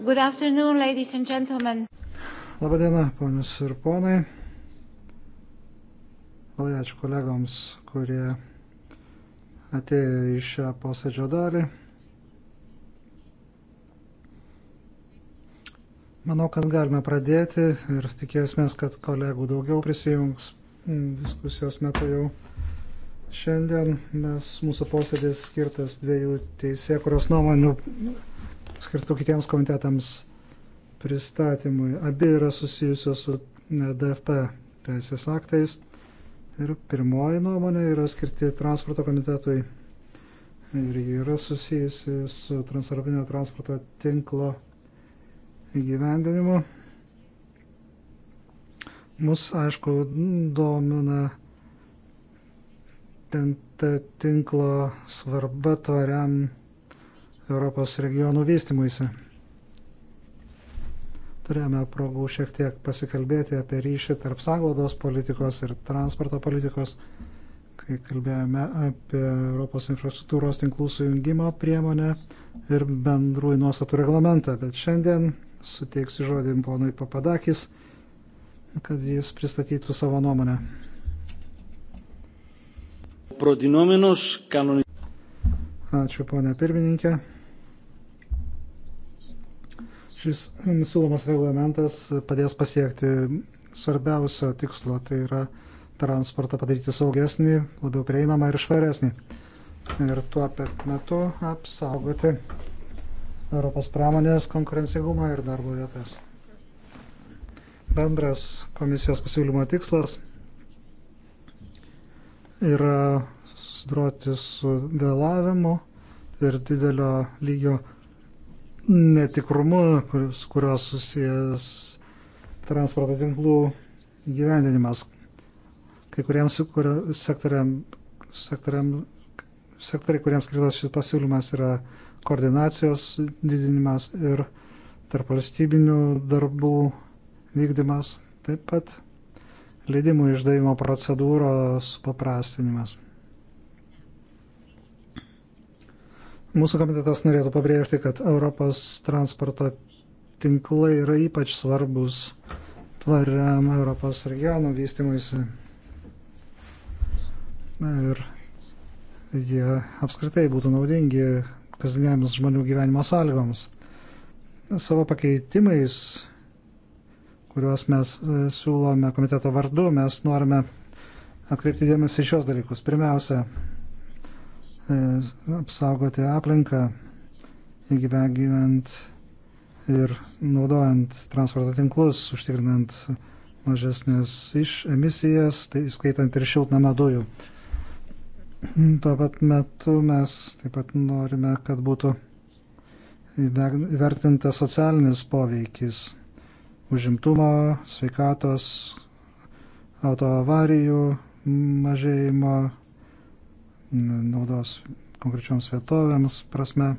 Good afternoon, ladies and gentlemen. Labadiena, ponius ir ponai. Labai ačiū kolegoms, kurie atėjo į šią posėdžio dalį. Manau, kad galime pradėti ir tikėsimės, kad kolegų daugiau prisijungs diskusijos metu jau. Šiandien mes, mūsų posėdis skirtas dviejų teisėkuros nuomonių skirtų kitiems komitetams pristatymui. Abi yra susijusios su e, DFP teisės aktais. Ir pirmoji nuomonė yra skirti transporto komitetui ir yra susijusi su transeuropinio transporto tinklo įgyvendinimu. Mus, aišku, domina ten ta tinklo svarba tvariam Europos regionų vystimuisi. Turėjome progų šiek tiek pasikalbėti apie ryšį tarp sanglaudos politikos ir transporto politikos, kai kalbėjome apie Europos infrastruktūros tinklų sujungimo priemonę ir bendrųjų nuostatų reglamentą. Bet šiandien suteiksiu žodį ponui Papadakis, kad jis pristatytų savo nuomonę. Ačiū, ponė pirmininkė. Šis siūlomas reglamentas padės pasiekti svarbiausio tikslo, tai yra transportą padaryti saugesnį, labiau prieinamą ir švaresnį. Ir tuo pat metu apsaugoti Europos pramonės konkurencingumą ir darbo vietas. Bendras komisijos pasiūlymo tikslas yra susidroti su vėlavimu ir didelio lygio netikrumu, kuris, kurios susijęs transporto tinklų gyvendinimas. Kai kuriems kurio, sektoriam, sektoriam, sektoriai, kuriems skirtas šis pasiūlymas, yra koordinacijos didinimas ir tarp valstybinių darbų vykdymas, taip pat leidimų išdavimo procedūros supaprastinimas. Mūsų komitetas norėtų pabrėžti, kad Europos transporto tinklai yra ypač svarbus tvariam Europos regionų vystimuisi. Ir jie apskritai būtų naudingi kasdienėms žmonių gyvenimo sąlygoms. Savo pakeitimais, kuriuos mes e, siūlome komiteto vardu, mes norime atkreipti dėmesį į šios dalykus. Pirmiausia, apsaugoti aplinką įgyveginant ir naudojant transporto tinklus, užtikrinant mažesnės iš emisijas, tai skaitant ir šiltnamą dujų. Tuo pat metu mes taip pat norime, kad būtų įvertintas socialinis poveikis užimtumo, sveikatos, autoavarijų mažėjimo, naudos konkrečioms vietovėms prasme.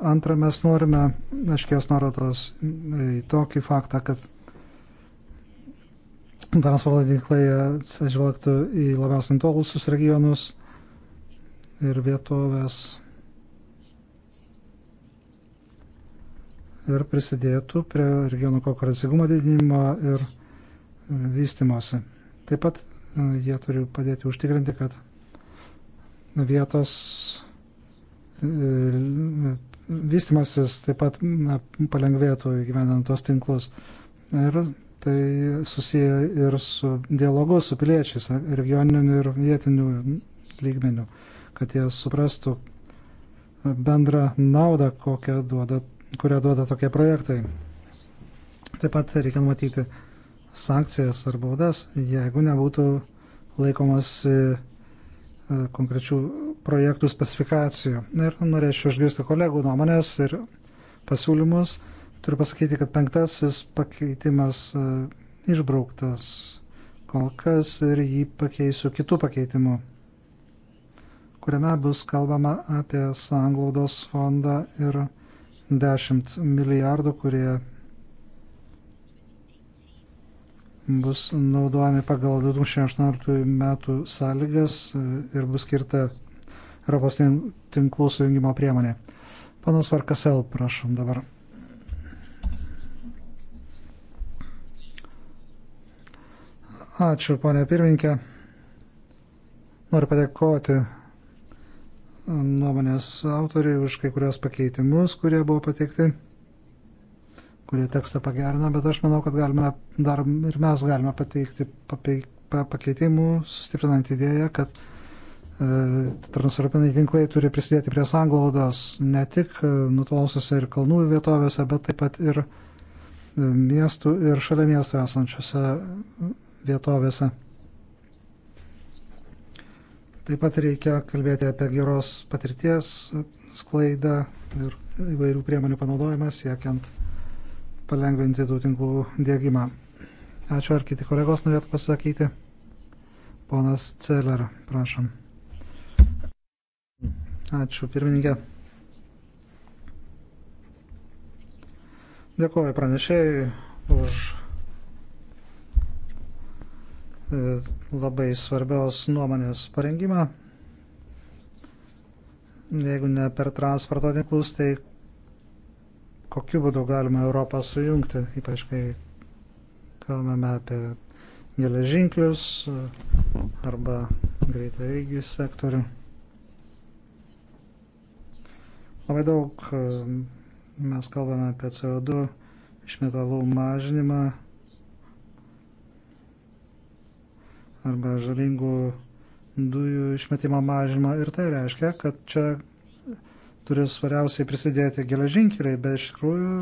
Antra, mes norime aiškės nuorodos į tokį faktą, kad transporto tinklai atsižvelgtų į labiausiai tolusius regionus ir vietovės ir prisidėtų prie regionų konkurencingumo didinimo ir vystimosi. Taip pat e, jie turi padėti užtikrinti, kad vietos e, vystimasis taip pat na, palengvėtų įgyvendant tos tinklus. Ir tai susiję ir su dialogu su piliečiais, regioniniu ir vietiniu lygmeniu, kad jie suprastų bendrą naudą, duoda, kurią duoda tokie projektai. Taip pat reikia matyti sankcijas ar baudas, jeigu nebūtų laikomas E, konkrečių projektų specifikacijų. Ir norėčiau išgirsti kolegų nuomonės ir pasiūlymus. Turiu pasakyti, kad penktasis pakeitimas e, išbrauktas kol kas ir jį pakeisiu kitų pakeitimų, kuriame bus kalbama apie sanglaudos fondą ir 10 milijardų, kurie bus naudojami pagal 2018 metų sąlygas e, ir bus skirta Europos tinklų sujungimo priemonė. Panas Varkasel, prašom dabar. Ačiū, ponė pirmininkė. Noriu padėkoti nuomonės autoriai už kai kurios pakeitimus, kurie buvo pateikti kurie tekstą pagerina, bet aš manau, kad galime dar ir mes galime pateikti pakeitimų, sustiprinant idėją, kad e, transeuropiniai tinklai turi prisidėti prie sanglaudos ne tik e, nutolusiuose ir kalnų vietovėse, bet taip pat ir e, miestų ir šalia miestų esančiose vietovėse. Taip pat reikia kalbėti apie geros patirties sklaidą ir įvairių priemonių panaudojimą siekiant palengventi tų tinklų dėgymą. Ačiū, ar kiti kolegos norėtų pasakyti? Ponas Celer, prašom. Ačiū, pirmininkė. Dėkuoju pranešėjai už e, labai svarbios nuomonės parengimą. Jeigu ne per transporto tinklus, tai kokiu būdu galima Europą sujungti, ypač kai kalbame apie geležinklius mhm. arba greitai įgį sektorių. Labai daug e, mes kalbame apie CO2 išmetalų mažinimą arba žalingų dujų išmetimo mažinimą ir tai reiškia, kad čia turi svariausiai prisidėti geležinkeliai, bet iš tikrųjų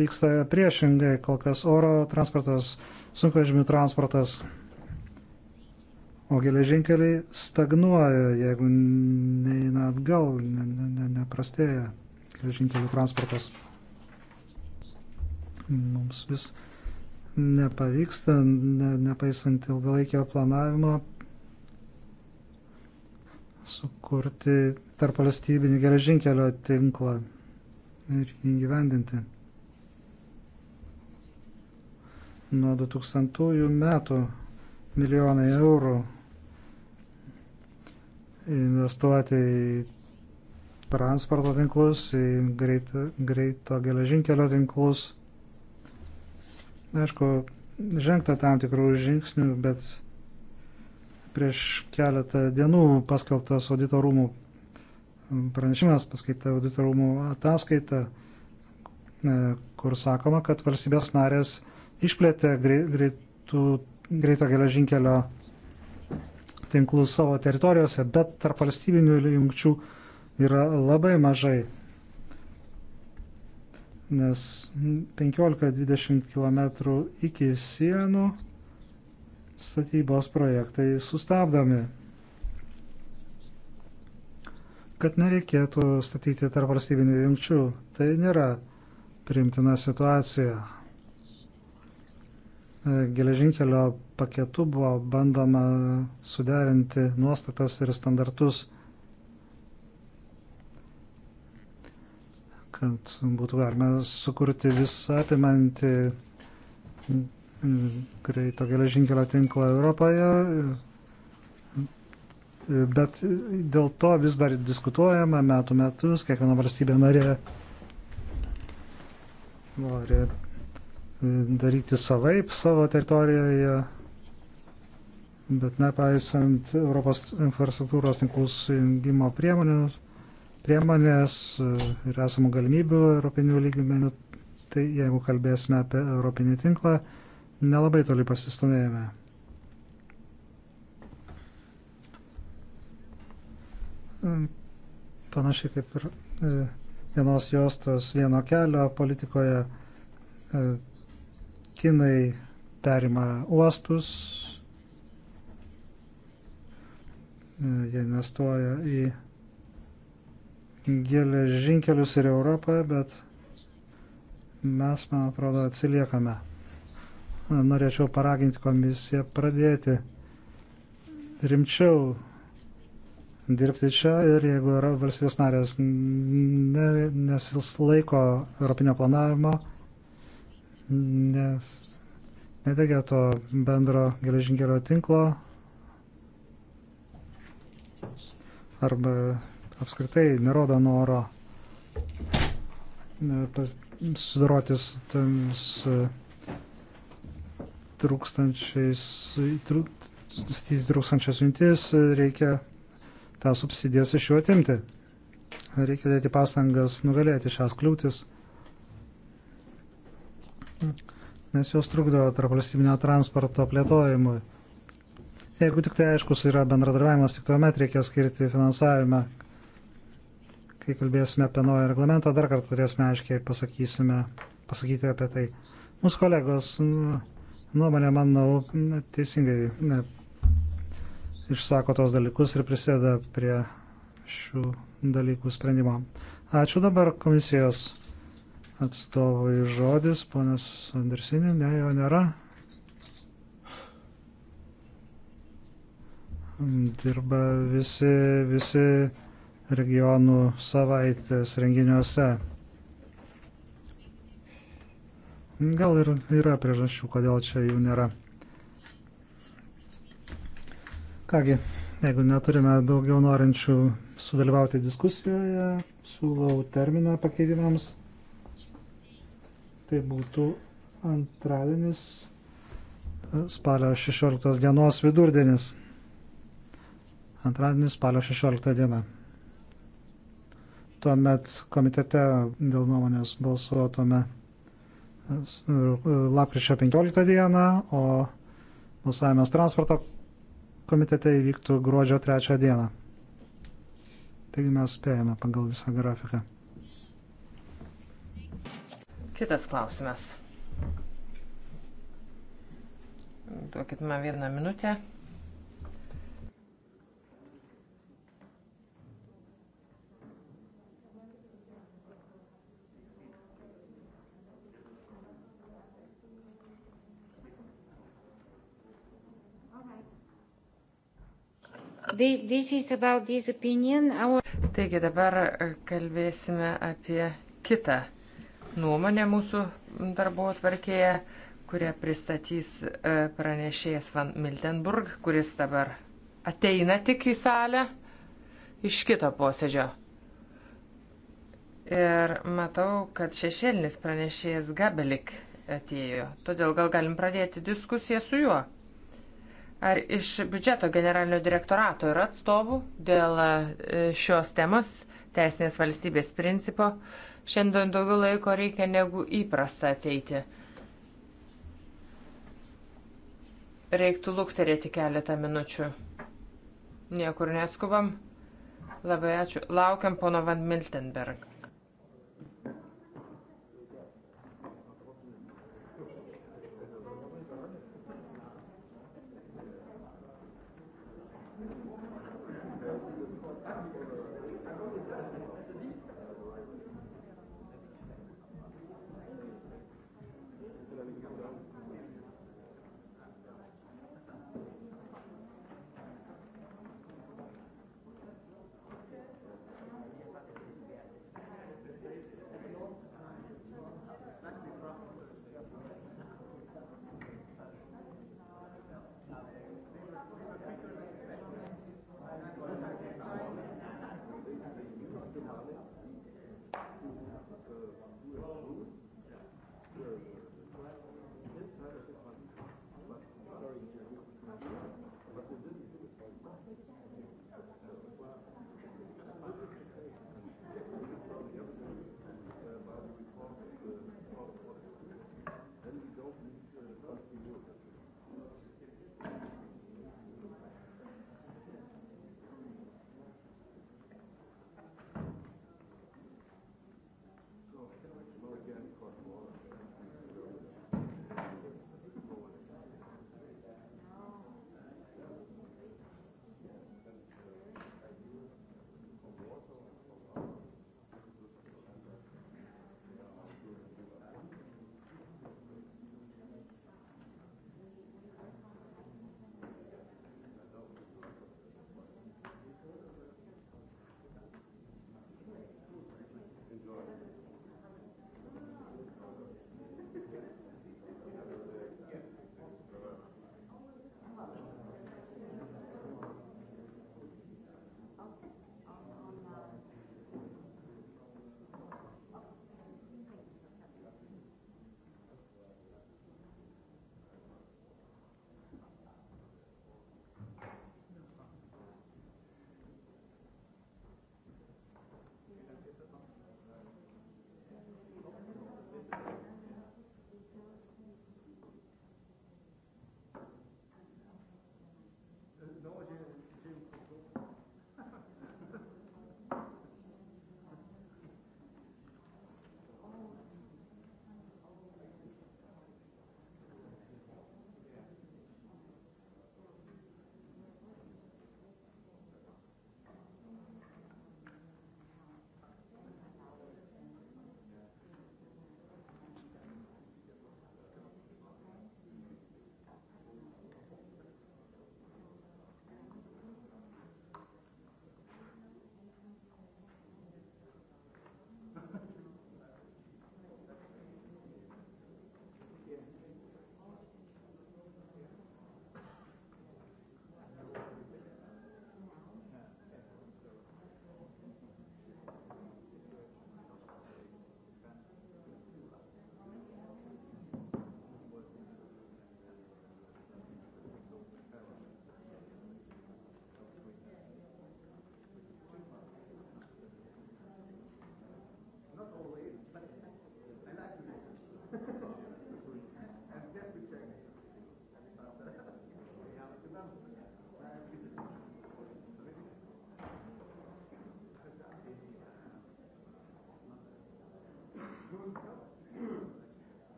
vyksta priešingai, kol kas oro transportas, sunkvežimių transportas, o geležinkeliai stagnuoja, jeigu neina atgal, neprastėja ne, ne, ne geležinkelių transportas. Mums vis nepavyksta, ne, nepaisant ilgalaikio planavimo, sukurti tarp valstybinį geležinkelio tinklą ir įgyvendinti. Nuo 2000 metų milijonai eurų investuoti į transporto tinklus, į greit, greito geležinkelio tinklus. Aišku, žengta tam tikrų žingsnių, bet prieš keletą dienų paskelbtas auditorumų pranešimas paskaita auditorumų ataskaita, e, kur sakoma, kad valstybės narės išplėtė greitų, greito geležinkelio tinklus savo teritorijose, bet tarp valstybinių jungčių yra labai mažai. Nes 15-20 km iki sienų statybos projektai sustabdomi kad nereikėtų statyti tarp valstybinių jungčių. Tai nėra priimtina situacija. E, geležinkelio paketu buvo bandoma suderinti nuostatas ir standartus, kad būtų galima sukurti visą apimantį greito geležinkelio tinklą Europoje bet dėl to vis dar diskutuojama metų metus, kiekviena valstybė narė nori e, daryti savaip savo teritorijoje, bet nepaisant Europos infrastruktūros tinklų sujungimo priemonės, priemonės ir esamų galimybių europinių lygmenių, tai jeigu kalbėsime apie europinį tinklą, nelabai toli pasistumėjame. Mm, panašiai kaip ir e, vienos juostos vieno kelio politikoje e, kinai perima uostus, e, jie investuoja į geležinkelius ir Europą, bet mes, man atrodo, atsiliekame. Norėčiau paraginti komisiją pradėti rimčiau dirbti čia ir jeigu yra valstybės narės ne, nesilaiko Europinio planavimo, ne, nedegė to bendro geležinkelio tinklo arba apskritai nerodo noro e, sudarotis tomis e, trūkstančiais, trūkstančias mintis, reikia tą subsidijas iš jų atimti. Reikia dėti pastangas nugalėti šias kliūtis, nes jos trukdo tarp valstybinio transporto plėtojimui. Jeigu tik tai aiškus yra bendradarbiavimas, tik tuomet reikia skirti finansavimą. Kai kalbėsime apie naują reglamentą, dar kartą turėsime aiškiai pasakysime, pasakyti apie tai. Mūsų kolegos nu, nuomonė, manau, teisingai išsako tos dalykus ir prisėda prie šių dalykų sprendimo. Ačiū dabar komisijos atstovui žodis, ponas Andersinė, ne, jo nėra. Dirba visi, visi regionų savaitės renginiuose. Gal ir yra priežasčių, kodėl čia jų nėra. Kągi, jeigu neturime daugiau norinčių sudalyvauti diskusijoje, siūlau terminą pakeitimams. Tai būtų antradienis e, spalio 16 dienos vidurdienis. Antradienis spalio 16 diena. Tuomet komitete dėl nuomonės balsuotume e, e, lapkričio 15 dieną, o balsavimas transporto komitete įvyktų gruodžio 3 dieną. Taigi mes spėjame pagal visą grafiką. Kitas klausimas. Duokit man vieną minutę. Taigi dabar e, kalbėsime apie kitą nuomonę mūsų darbo atvarkėje, kurią pristatys e, pranešėjas Van Miltenburg, kuris dabar ateina tik į salę iš kito posėdžio. Ir matau, kad šešėlinis pranešėjas Gabelik atėjo, todėl gal galim pradėti diskusiją su juo. Ar iš biudžeto generalinio direktorato yra atstovų dėl e, šios temos teisinės valstybės principo? Šiandien daugiau laiko reikia negu įprasta ateiti. Reiktų lukterėti keletą minučių. Niekur neskubam. Labai ačiū. Laukiam pono Van Miltenberg.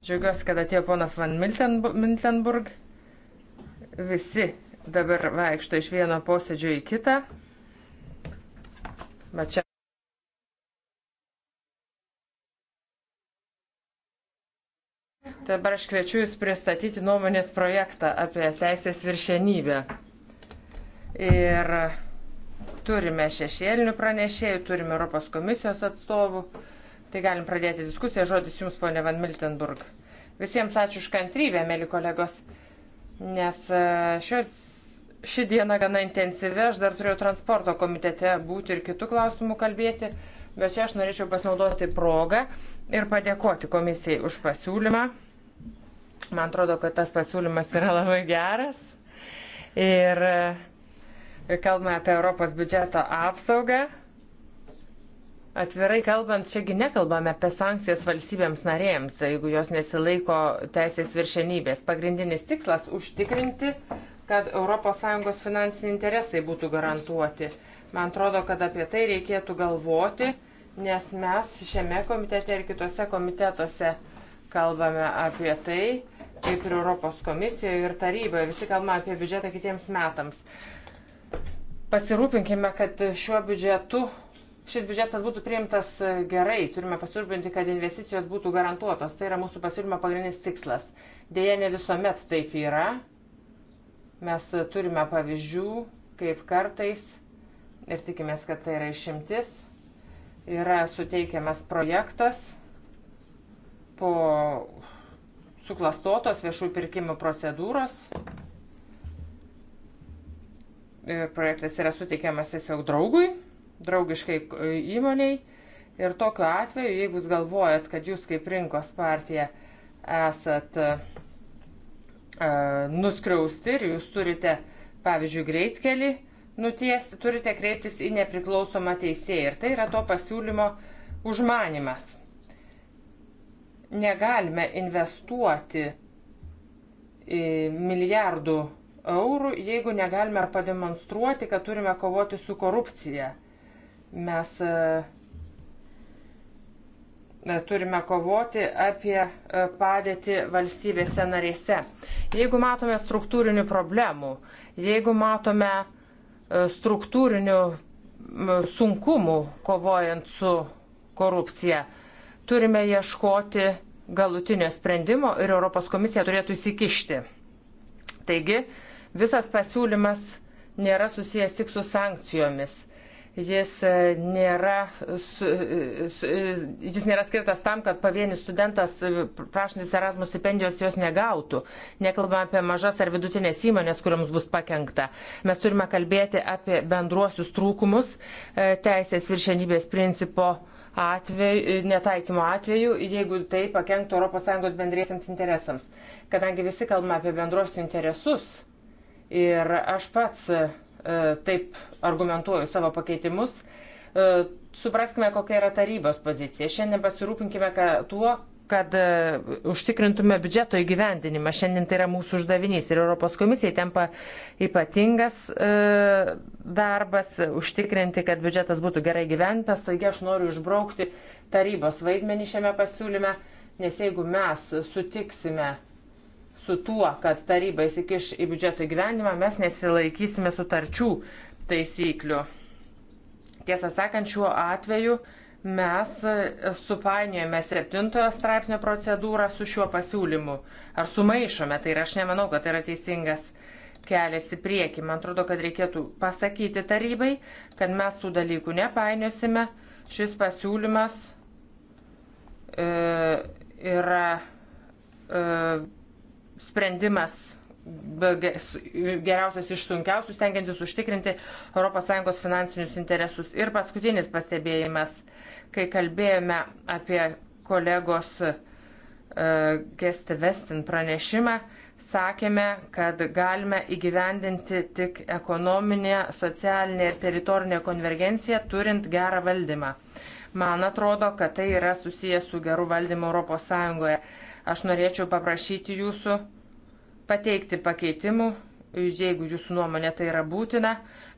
Džiaugiuosi, kad atėjo ponas Van Miltenburg. Visi dabar vaikšto iš vieno posėdžio į kitą. Va čia. Dabar aš kviečiu Jūs pristatyti nuomonės projektą apie teisės viršenybę. Ir turime šešėlinių pranešėjų, turime Europos komisijos atstovų. Tai galim pradėti diskusiją. Žodis Jums, ponė Van Miltenburg. Visiems ačiū už kantrybę, mėly kolegos, nes e, šios, ši diena gana intensyvi. Aš dar turėjau transporto komitete būti ir kitų klausimų kalbėti, bet čia aš norėčiau pasinaudoti progą ir padėkoti komisijai už pasiūlymą. Man atrodo, kad tas pasiūlymas yra labai geras. Ir e, kalbame apie Europos biudžeto apsaugą. Atvirai kalbant, čiagi nekalbame apie sankcijas valstybėms narėjams, jeigu jos nesilaiko teisės viršenybės. Pagrindinis tikslas - užtikrinti, kad ES finansiniai interesai būtų garantuoti. Man atrodo, kad apie tai reikėtų galvoti, nes mes šiame komitete ir kitose komitetuose uh, kalbame apie tai, kaip ir Europos komisijoje ir taryboje, visi kalbame apie biudžetą kitiems metams. Pasirūpinkime, kad šiuo biudžetu šis biudžetas būtų priimtas gerai, turime pasirūpinti, kad investicijos būtų garantuotos. Tai yra mūsų pasiūlymo pagrindinis tikslas. Deja, ne visuomet taip yra. Mes turime pavyzdžių, kaip kartais, ir tikimės, kad tai yra išimtis, yra suteikiamas projektas po suklastotos viešųjų pirkimų procedūros. Ir projektas yra suteikiamas tiesiog draugui, draugiškai e, įmoniai. Ir tokiu atveju, jeigu jūs galvojat, kad jūs kaip rinkos partija esat e, e, nuskriausti ir jūs turite, pavyzdžiui, greitkelį nutiesti, turite kreiptis į nepriklausomą teisėją. Ir tai yra to pasiūlymo užmanimas. Negalime investuoti milijardų eurų, jeigu negalime pademonstruoti, kad turime kovoti su korupcija. Mes e, turime kovoti apie e, padėtį valstybėse narėse. Jeigu matome struktūrinių problemų, jeigu matome e, struktūrinių sunkumų kovojant su korupcija, Turime ieškoti galutinio sprendimo ir Europos komisija turėtų įsikišti. Taigi, visas pasiūlymas nėra susijęs tik su sankcijomis jis e, nėra, e, e, jis nėra skirtas tam, kad pavienis studentas prašantis Erasmus stipendijos jos negautų. Nekalbame apie mažas ar vidutinės įmonės, kuriams bus pakengta. Mes turime kalbėti apie bendruosius trūkumus teisės viršenybės principo atveju, netaikymo atveju, jeigu tai pakenktų ES bendriesiams interesams. Kadangi visi kalbame apie bendros interesus ir aš pats e, taip argumentuoju savo pakeitimus, e, supraskime, kokia yra tarybos pozicija. Šiandien pasirūpinkime tuo, kad e, užtikrintume biudžeto įgyvendinimą. Šiandien tai yra mūsų uždavinys ir Europos komisijai tempa ypatingas e, darbas užtikrinti, kad biudžetas būtų gerai gyventas. Taigi aš noriu išbraukti tarybos vaidmenį šiame pasiūlyme, nes jeigu mes sutiksime su tuo, kad taryba įsikiš į biudžeto įgyvendimą, mes nesilaikysime sutarčių taisyklių. Tiesą sakant, šiuo atveju uh, mes e, supainiojame 7 straipsnio procedūrą su šiuo pasiūlymu. Ar sumaišome, tai ir aš nemanau, kad tai yra teisingas kelias į priekį. Man atrodo, kad reikėtų pasakyti tarybai, kad mes tų dalykų nepainiosime. Šis pasiūlymas e, yra e, sprendimas geriausias iš sunkiausių, stengiantis užtikrinti ES finansinius interesus. Ir paskutinis pastebėjimas. E, Kai kalbėjome apie kolegos uh, Gesti Vestin pranešimą, sakėme, kad galime įgyvendinti tik ekonominę, socialinę ir teritorinę konvergenciją, turint gerą valdymą. Man atrodo, kad tai yra susijęs su geru valdymu ES. Aš norėčiau paprašyti jūsų pateikti pakeitimų, jeigu jūsų nuomonė tai yra būtina,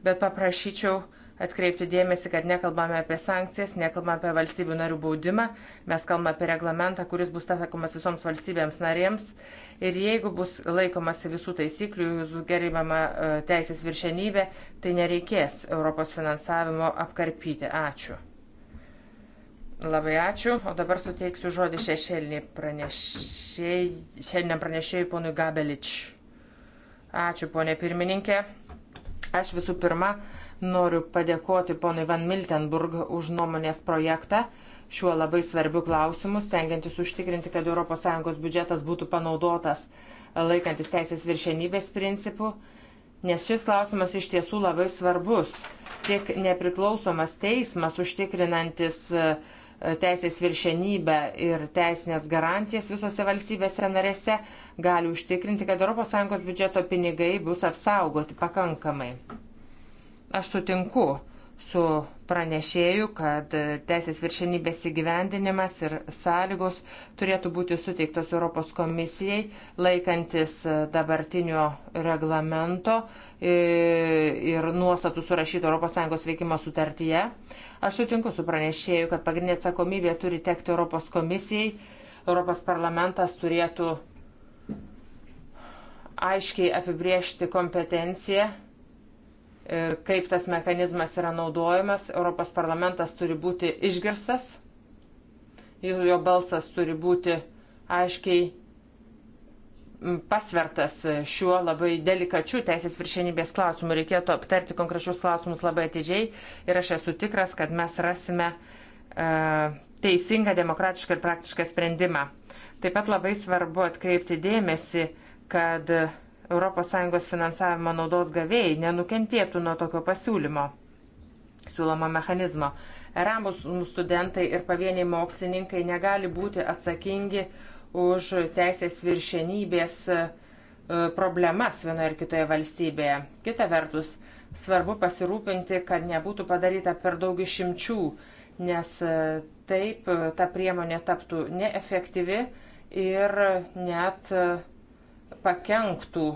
bet paprašyčiau atkreipti dėmesį, kad nekalbame apie sankcijas, nekalbame apie valstybių narių baudimą, mes kalbame apie reglamentą, kuris bus taikomas visoms valstybėms narėms. Ir jeigu bus laikomasi visų taisyklių, bus gerimama e, teisės viršenybė, tai nereikės Europos finansavimo apkarpyti. Ačiū. Labai ačiū. O dabar suteiksiu žodį šešėlinį pranešėjai, šiandien pranešėjai ponui Gabelič. Ačiū, ponė pirmininkė. Aš visų pirma Noriu padėkoti ponui Van Miltenburg už nuomonės projektą šiuo labai svarbiu klausimu, stengiantis užtikrinti, kad ES biudžetas būtų panaudotas laikantis teisės viršenybės principų, nes šis klausimas iš tiesų labai svarbus. Tik nepriklausomas teismas užtikrinantis e, teisės viršenybę ir teisinės garantijas visose valstybėse narėse gali užtikrinti, kad ES biudžeto pinigai bus apsaugoti pakankamai. Aš sutinku su pranešėju, kad teisės viršenybės įgyvendinimas ir sąlygos turėtų būti suteiktos Europos komisijai, laikantis dabartinio reglamento e, ir nuostatų surašyto ES veikimo sutartyje. Aš sutinku su pranešėju, kad pagrindinė atsakomybė turi tekti Europos komisijai. Europos parlamentas turėtų aiškiai apibriežti kompetenciją E, kaip tas mechanizmas yra naudojamas. Europos parlamentas turi būti išgirstas, jo balsas turi būti aiškiai pasvertas šiuo labai delikačiu teisės viršenybės klausimu. Reikėtų aptarti konkrečius klausimus labai atidžiai ir aš esu tikras, kad mes rasime uh, teisingą, demokratišką ir praktišką sprendimą. Taip pat labai svarbu atkreipti dėmesį, kad uh, ES finansavimo naudos gavėjai nenukentėtų nuo tokio pasiūlymo, siūlomo mechanizmo. Erasmus studentai ir pavieniai mokslininkai negali būti atsakingi už teisės viršenybės e, problemas vienoje ar kitoje valstybėje. Kita vertus, svarbu pasirūpinti, kad nebūtų padaryta per daug išimčių, nes e, taip e, ta priemonė taptų neefektyvi ir net uh, pakenktų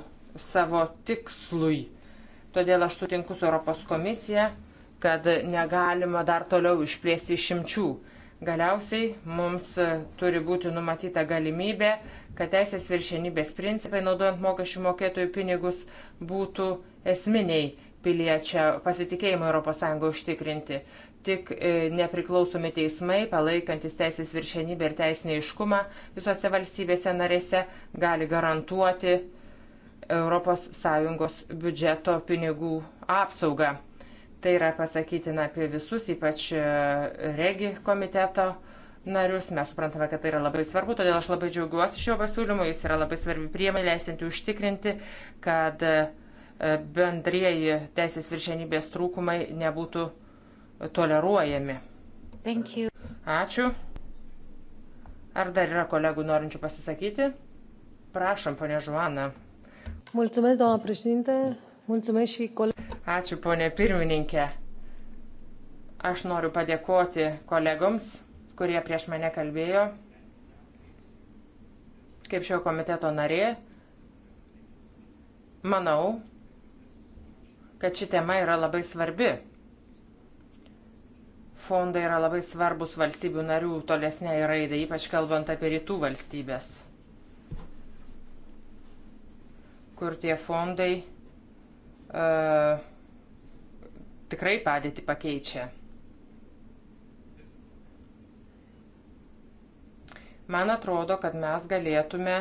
savo tikslui. Todėl aš sutinku su Europos komisija, kad negalima dar toliau išplėsti išimčių. Galiausiai mums e, turi būti numatyta galimybė, kad teisės viršenybės principai, naudojant mokesčių mokėtojų pinigus, būtų esminiai piliečio pasitikėjimą ES užtikrinti tik e, nepriklausomi teismai, palaikantis teisės viršenybę ir teisinį iškumą visose valstybėse narėse, gali garantuoti ES biudžeto pinigų apsaugą. Tai yra pasakytina apie visus, ypač e, regi komiteto narius. Mes suprantame, kad tai yra labai svarbu, todėl aš labai džiaugiuosi šio pasiūlymu. Jis yra labai svarbi priemonė, leisinti užtikrinti, kad e, bendrieji teisės viršenybės trūkumai nebūtų toleruojami. Ačiū. Ar dar yra kolegų norinčių pasisakyti? Prašom, ponė Žuana. Mulțumesc, doamna președinte. Mulțumesc și coleg. Ačiū, ponė pirmininkė. Aš noriu padėkoti kolegoms, kurie prieš mane kalbėjo. Kaip šio komiteto narė, manau, kad ši tema yra labai svarbi fondai yra labai svarbus valstybių narių tolesniai raidai, ypač kalbant apie rytų valstybės, kur tie fondai uh, tikrai padėti pakeičia. Man atrodo, kad mes galėtume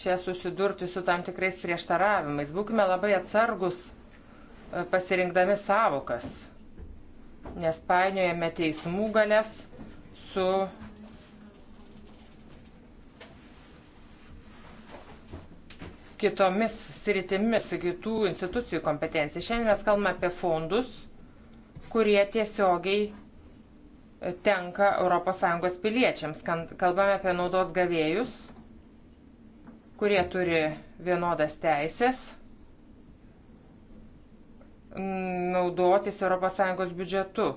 čia susidurti su tam tikrais prieštaravimais. Būkime labai atsargus e, pasirinkdami savokas nes painiojame teismų galės su kitomis sritimis, kitų institucijų kompetencija. Šiandien mes kalbame apie fondus, kurie tiesiogiai tenka ES piliečiams. Kalbame apie naudos gavėjus, kurie turi vienodas teisės naudotis ES biudžetu.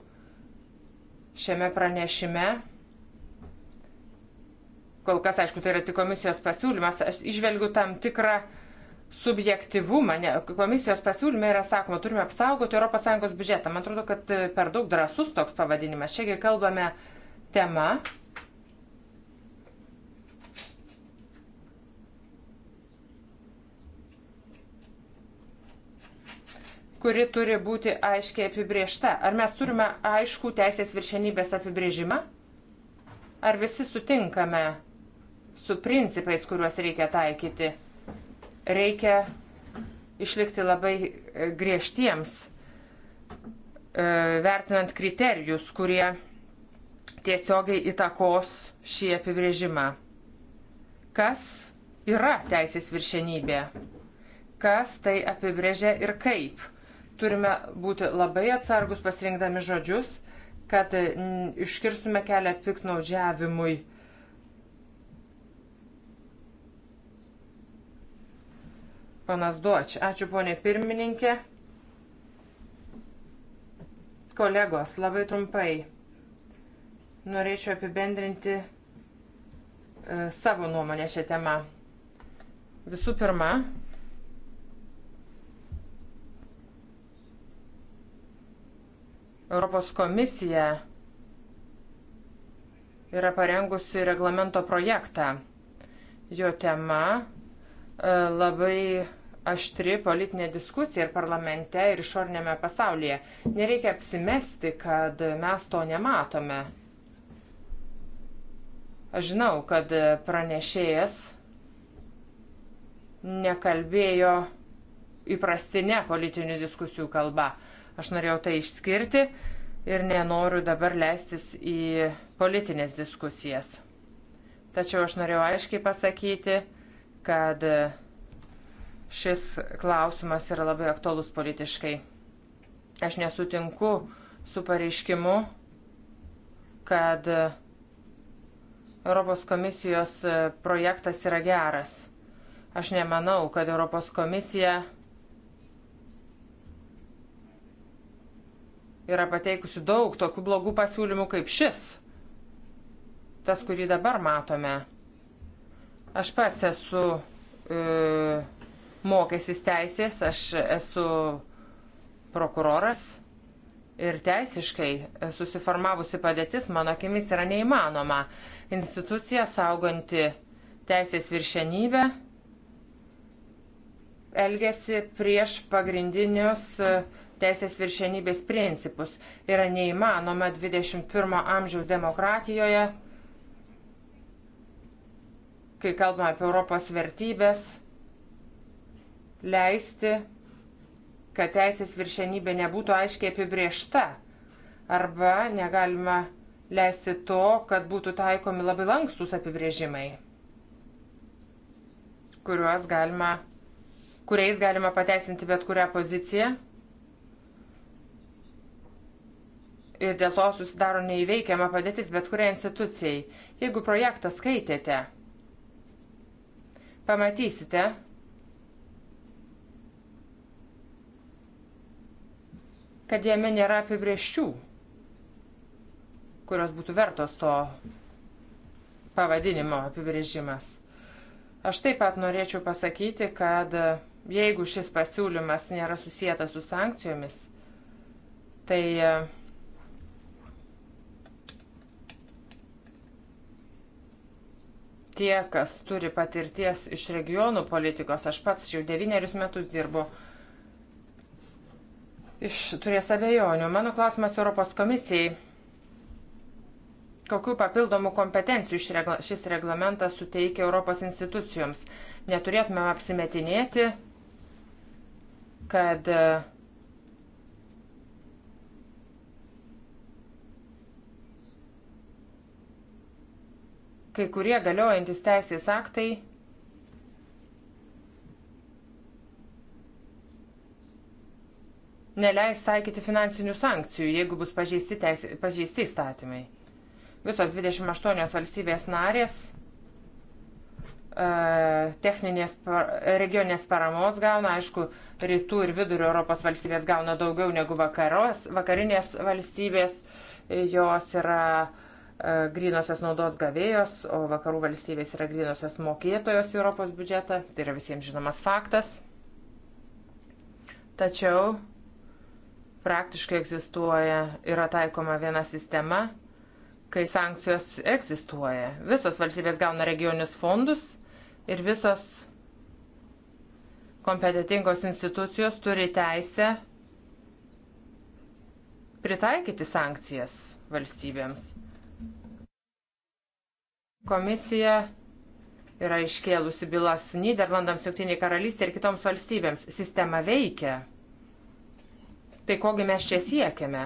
Šiame pranešime, kol kas aišku, tai yra tik komisijos pasiūlymas, aš išvelgiu tam tikrą subjektivumą. Ne, komisijos pasiūlyme yra sakoma, turime apsaugoti ES biudžetą. Man atrodo, kad e, per daug drasus toks pavadinimas. Šiaigi kalbame tema, kuri turi būti aiškiai apibriešta. Ar mes turime aišku teisės viršenybės apibrėžimą? Ar visi sutinkame su principais, kuriuos reikia taikyti? Reikia išlikti labai e, griežtiems, e, vertinant kriterijus, kurie tiesiogiai įtakos šį apibrėžimą. Kas yra teisės viršenybė? Kas tai apibrėžia ir kaip? turime būti labai atsargus pasirinkdami žodžius, kad iškirstume kelią piknaudžiavimui. Panas Duoč, ačiū ponė pirmininkė. Kolegos, labai trumpai norėčiau apibendrinti e, savo nuomonę šią temą. Visų pirma, Europos komisija yra parengusi reglamento projektą. Jo tema e, labai aštri politinė diskusija ir parlamente, ir išornėme pasaulyje. Nereikia apsimesti, kad mes to nematome. Aš žinau, kad pranešėjas nekalbėjo įprastinė politinių diskusijų kalba. Aš norėjau tai išskirti ir nenoriu dabar leistis į politinės diskusijas. Tačiau aš norėjau aiškiai pasakyti, kad šis klausimas yra labai aktuolus politiškai. Aš nesutinku su pareiškimu, kad Europos komisijos projektas yra geras. Aš nemanau, kad Europos komisija yra pateikusi daug tokių blogų pasiūlymų kaip šis, tas, kurį dabar matome. Aš pats esu e, mokęsis teisės, aš esu prokuroras ir teisiškai susiformavusi padėtis, mano akimis, yra neįmanoma. Institucija sauganti teisės viršenybę elgesi prieš pagrindinius teisės viršenybės principus. Yra neįmanoma 21 amžiaus demokratijoje, kai kalbame apie Europos vertybės, leisti, kad teisės viršenybė nebūtų aiškiai apibriešta. Arba negalima leisti to, kad būtų taikomi labai lankstus apibrėžimai, kuriuos galima kuriais galima pateisinti bet kurią poziciją ir dėl to susidaro neįveikiama padėtis bet kuriai institucijai. Jeigu projektą skaitėte, pamatysite, kad jame nėra apibrieščių, kurios būtų vertos to pavadinimo apibrėžimas. Aš taip pat norėčiau pasakyti, kad jeigu šis pasiūlymas nėra susijęs su sankcijomis, tai tie, kas turi patirties iš regionų politikos, aš pats jau devynerius metus dirbu, iš, turės abejonių. Mano klausimas Europos komisijai. Kokių papildomų kompetencijų regla, šis reglamentas suteikia Europos institucijoms? Neturėtume apsimetinėti, kad uh, Kai kurie galiojantis teisės aktai neleis taikyti finansinių sankcijų, jeigu bus pažeisti, teisė, pažeisti įstatymai. Visos 28 valstybės narės e, techninės regioninės paramos gauna, aišku, rytų ir vidurio Europos valstybės gauna daugiau negu vakaros, vakarinės valstybės, jos yra uh, E, grynosios naudos gavėjos, o vakarų valstybės yra grynosios mokėtojos į Europos biudžetą. Tai yra visiems žinomas faktas. Tačiau praktiškai egzistuoja, yra taikoma viena sistema, kai sankcijos egzistuoja. Visos valstybės gauna regionius fondus ir visos kompetitingos institucijos turi teisę pritaikyti sankcijas valstybėms. Komisija yra iškėlusi bylas Niderlandams, Junktiniai karalystė ir kitoms valstybėms. Sistema veikia. Tai kogi mes čia siekiame?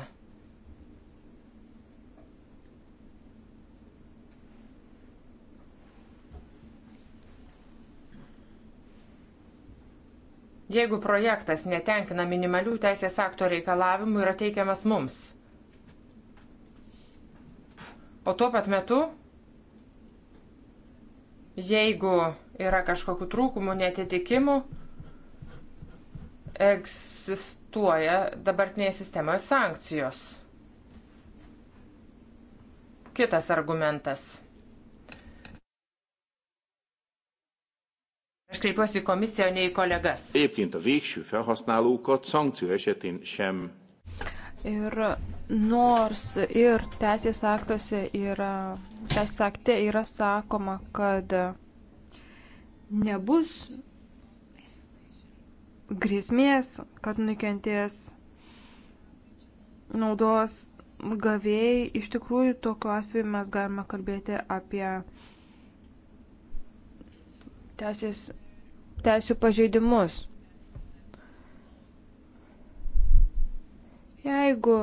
Jeigu projektas netenkina minimalių teisės akto reikalavimų, yra teikiamas mums. O tuo pat metu Jeigu yra kažkokių trūkumų, netitikimų, egzistuoja dabartinėje sistemoje sankcijos. Kitas argumentas. Aš kreipiuosi į komisiją, o ne į kolegas. Egyébként a végső felhasználókat szankció esetén sem Ir nors ir teisės aktuose yra, teisės akte yra sakoma, kad nebus grėsmės, kad nukentės naudos gavėjai, iš tikrųjų tokiu atveju mes galime kalbėti apie teisės, teisų pažeidimus. Jeigu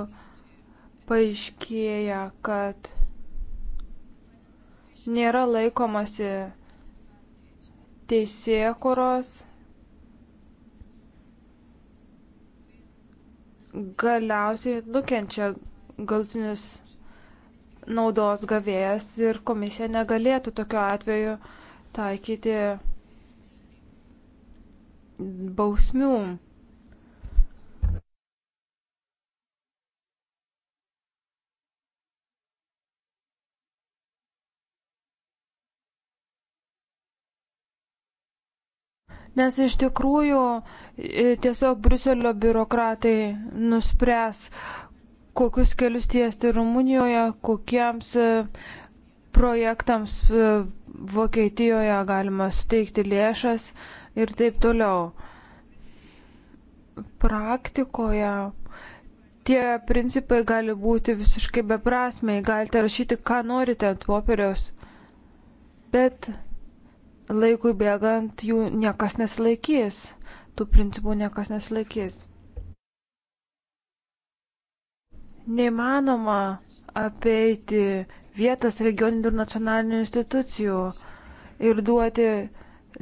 paaiškėja, kad nėra laikomasi teisėkuros, galiausiai nukenčia galtinis naudos gavėjas ir komisija negalėtų tokiu atveju taikyti bausmių. nes iš tikrųjų e, tiesiog Bruselio biurokratai nuspręs, kokius kelius tiesti Rumunijoje, kokiems e, projektams e, Vokietijoje galima suteikti lėšas ir taip toliau. Praktikoje tie principai gali būti visiškai beprasmiai, galite rašyti, ką norite ant popieriaus, bet laikui bėgant jų niekas nesilaikys, tų principų niekas nesilaikys. Neįmanoma apeiti vietos regioninių ir nacionalinių institucijų ir duoti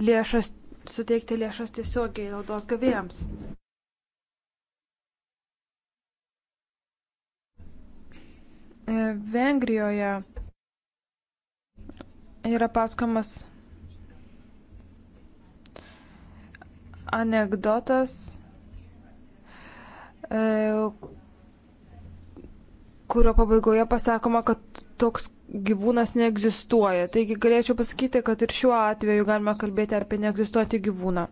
lėšas, suteikti lėšas tiesiogiai naudos gavėjams. E, Vengrijoje yra paskomas anegdotas, e, kurio pabaigoje pasakoma, kad toks gyvūnas neegzistuoja. Taigi galėčiau pasakyti, kad ir šiuo atveju galima kalbėti apie neegzistuoti gyvūną.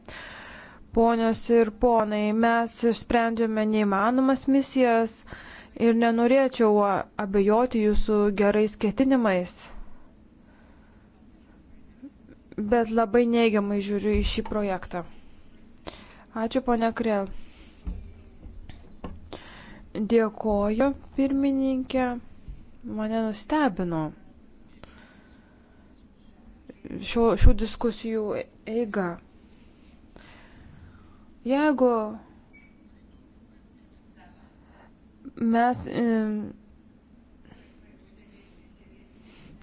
Ponios ir ponai, mes išsprendžiame neįmanomas misijas ir nenorėčiau abejoti jūsų gerais ketinimais. Bet labai neigiamai žiūriu į šį projektą. Ačiū, ponia Krel. Dėkoju, pirmininkė. Mane nustebino šio, šių diskusijų eiga. Jeigu mes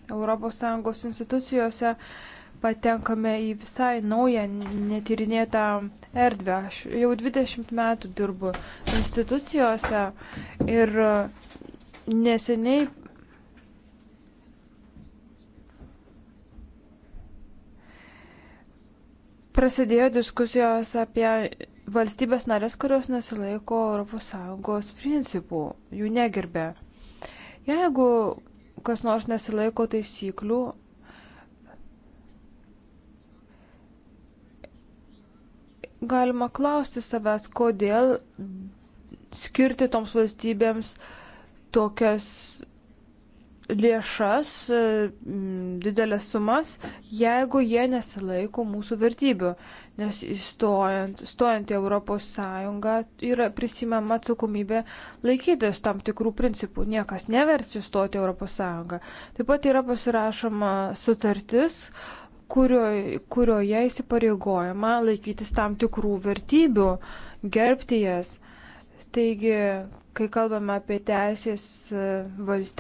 Europos Sąjungos institucijose patenkame į visai naują, netyrinėtą erdvę. Aš jau 20 metų dirbu institucijose ir uh, neseniai. Prasidėjo diskusijos apie valstybės narės, kurios nesilaiko ES principų, jų negerbė. Jeigu kas nors nesilaiko taisyklių, galima klausti savęs, kodėl skirti toms valstybėms tokias lėšas, didelės sumas, jeigu jie nesilaiko mūsų vertybių. Nes įstojant, stojant į Europos Sąjungą yra prisimama atsakomybė laikytis tam tikrų principų. Niekas neverčia stoti į Europos Sąjungą. Taip pat yra pasirašoma sutartis, uh, kurio, kurioje įsipareigojama laikytis tam tikrų vertybių, gerbti jas. Taigi, kai kalbame apie teisės,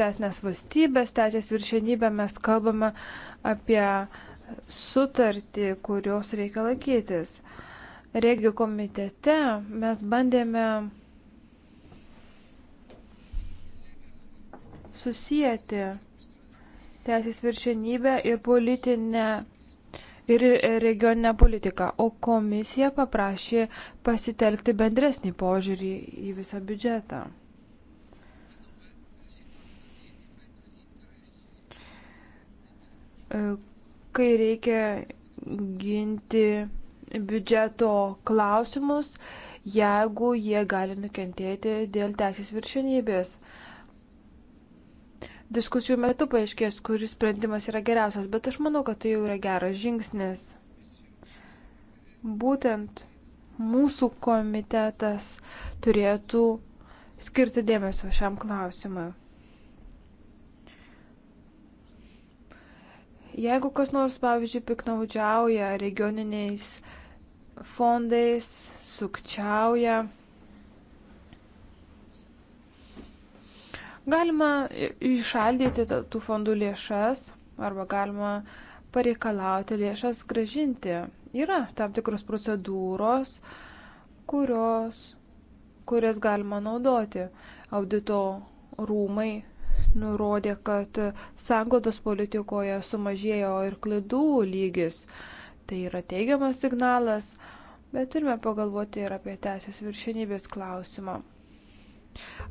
teisės valstybės, teisės viršenybę, mes kalbame apie sutartį, kurios reikia laikytis. Regio komitete mes bandėme susijęti teisės viršenybę ir politinę ir regioninę politiką, o komisija paprašė pasitelkti bendresnį požiūrį į visą biudžetą. E, kai reikia ginti biudžeto klausimus, jeigu jie gali nukentėti dėl teisės viršinybės. Uh, diskusijų metu paaiškės, kuris sprendimas yra geriausias, bet aš manau, kad tai jau yra geras žingsnis. Būtent mūsų komitetas turėtų skirti dėmesio šiam klausimui. Jeigu kas nors, pavyzdžiui, piknaudžiauja regioniniais fondais, sukčiauja, Galima išaldyti tų fondų lėšas arba galima pareikalauti lėšas gražinti. Yra tam tikros procedūros, kurios, kurias galima naudoti. Audito rūmai nurodė, kad sanglodos politikoje sumažėjo ir klaidų lygis. Tai yra teigiamas signalas, bet turime pagalvoti ir apie teisės viršenybės klausimą.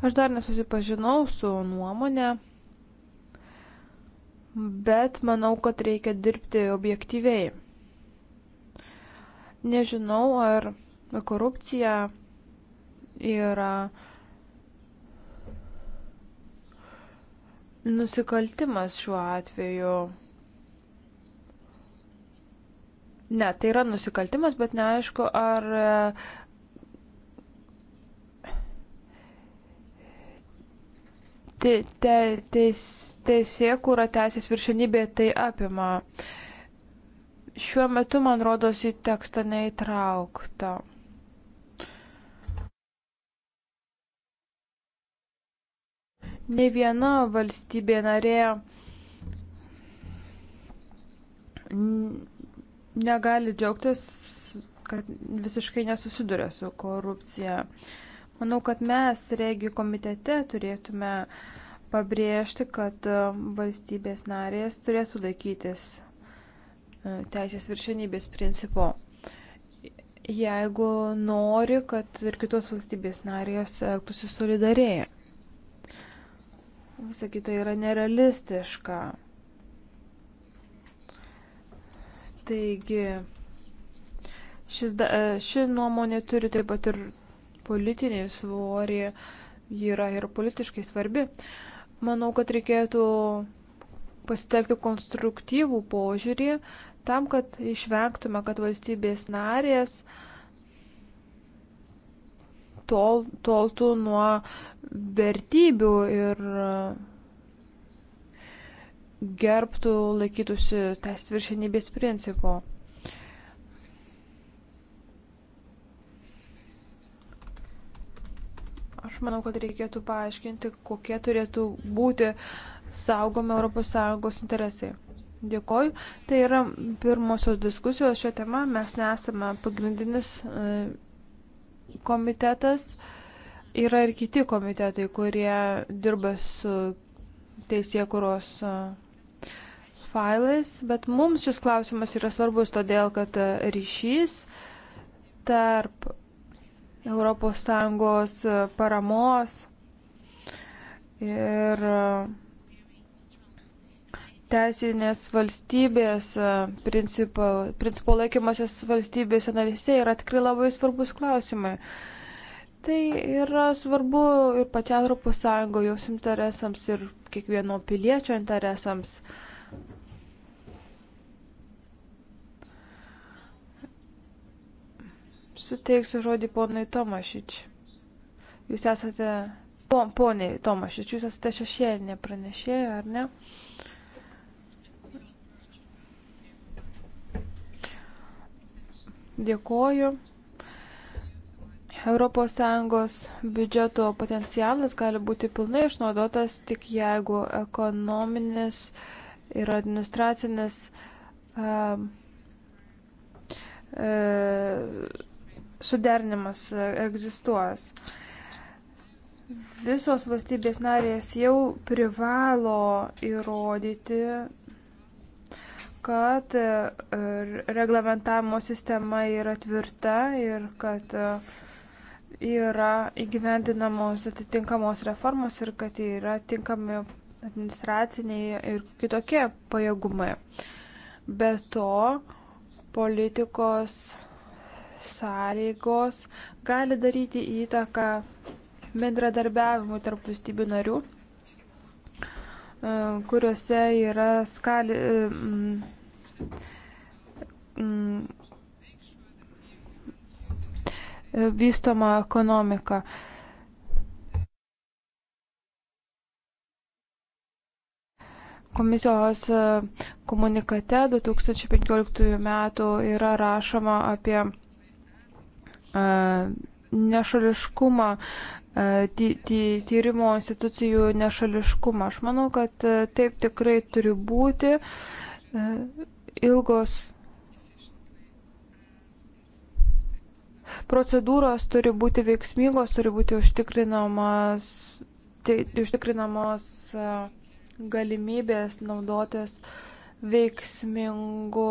Aš dar nesusipažinau su nuomonė, bet manau, kad reikia dirbti objektyviai. Nežinau, ar korupcija yra nusikaltimas šiuo atveju. Ne, tai yra nusikaltimas, bet neaišku, ar te, te, teis, teisė, kūra teisės viršenybė tai apima. Šiuo metu, man rodos, į tekstą neįtraukta. Ne viena valstybė narė negali džiaugtis, kad visiškai nesusiduria su korupcija. Manau, kad mes, regi komitete, turėtume uh, pabrėžti, kad um, valstybės narės turėtų laikytis uh, teisės viršenybės principo. Jeigu nori, kad ir kitos valstybės narės elgtųsi solidariai. Visa kita yra nerealistiška. Taigi, šis, e, ši nuomonė turi taip pat ir politinį svorį, ji yra ir politiškai svarbi. Uh, Manau, kad reikėtų pasitelkti konstruktyvų požiūrį tam, kad išvengtume, kad valstybės narės tol, toltų nuo vertybių ir gerbtų laikytųsi tes viršenybės principo. Aš manau, kad reikėtų paaiškinti, kokie turėtų būti saugomi ES interesai. Dėkoju. Tai yra pirmosios diskusijos šią temą. Mes nesame pagrindinis e, komitetas. Yra ir kiti komitetai, kurie dirba su teisėkuros e, failais, bet mums šis klausimas yra svarbus todėl, kad e, ryšys tarp ES e, paramos ir e, teisinės valstybės e, principo, principo laikymasis valstybėse narystėje yra tikrai labai svarbus klausimai. Tai yra svarbu ir pačia ES jos interesams ir kiekvieno piliečio interesams. Uh, Suteiksiu žodį ponui Tomašič. Jūs esate, po, poniai Tomašič, jūs esate šešėlinė pranešėja, ar ne? Dėkoju. ES biudžeto potencialas gali būti pilnai išnaudotas tik jeigu ekonominis ir administracinis uh, uh, suderinimas e, egzistuos. Visos valstybės narės jau privalo įrodyti, kad e, reglamentavimo sistema yra tvirta ir kad e, yra įgyvendinamos atitinkamos reformos ir kad yra tinkami administraciniai ir kitokie pajėgumai. Be to, politikos sąlygos gali daryti įtaką bendradarbiavimui tarp valstybių narių, e, kuriuose yra skali, e, vystoma ekonomika. Komisijos e, komunikate 2015 metų yra rašoma apie nešališkumą, ty, ty, tyrimo institucijų nešališkumą. Aš manau, kad taip tikrai turi būti ilgos procedūros turi būti veiksmingos, turi būti užtikrinamas, tai, užtikrinamos galimybės naudotis veiksmingu,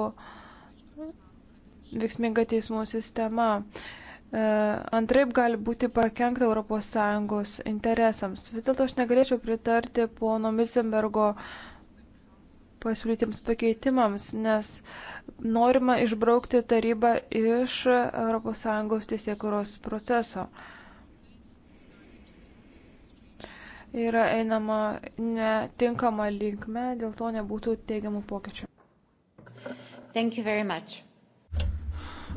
veiksminga teismų sistema. E, antraip gali būti pakengta ES interesams. Vis dėlto aš negalėčiau pritarti pono Milsenbergo pasiūlytiems pakeitimams, nes norima išbraukti tarybą iš ES teisėkuros proceso. Yra einama netinkama linkme, dėl to nebūtų teigiamų pokyčių.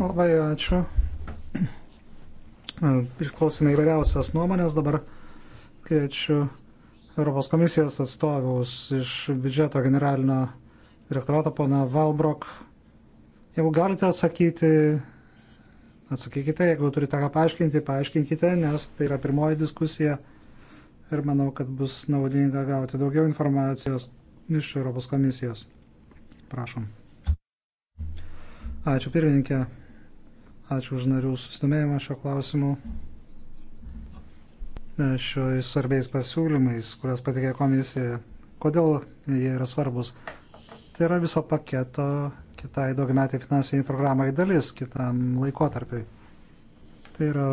Labai ačiū. Išklausime įvairiausias nuomonės. Dabar kviečiu Europos komisijos atstovus iš biudžeto generalinio direktorato, pana Valbrok. Jeigu galite atsakyti, atsakykite, jeigu turite ką paaiškinti, paaiškinkite, nes tai yra pirmoji diskusija ir manau, kad bus naudinga gauti daugiau informacijos iš Europos komisijos. Prašom. Ačiū pirmininkė. Ačiū už narių susidomėjimą šio klausimu. Šiais svarbiais pasiūlymais, kurias patikė komisija. Kodėl jie yra svarbus? Tai yra viso paketo kitai daugiametiai finansiniai programai dalis kitam laikotarpiai. Tai yra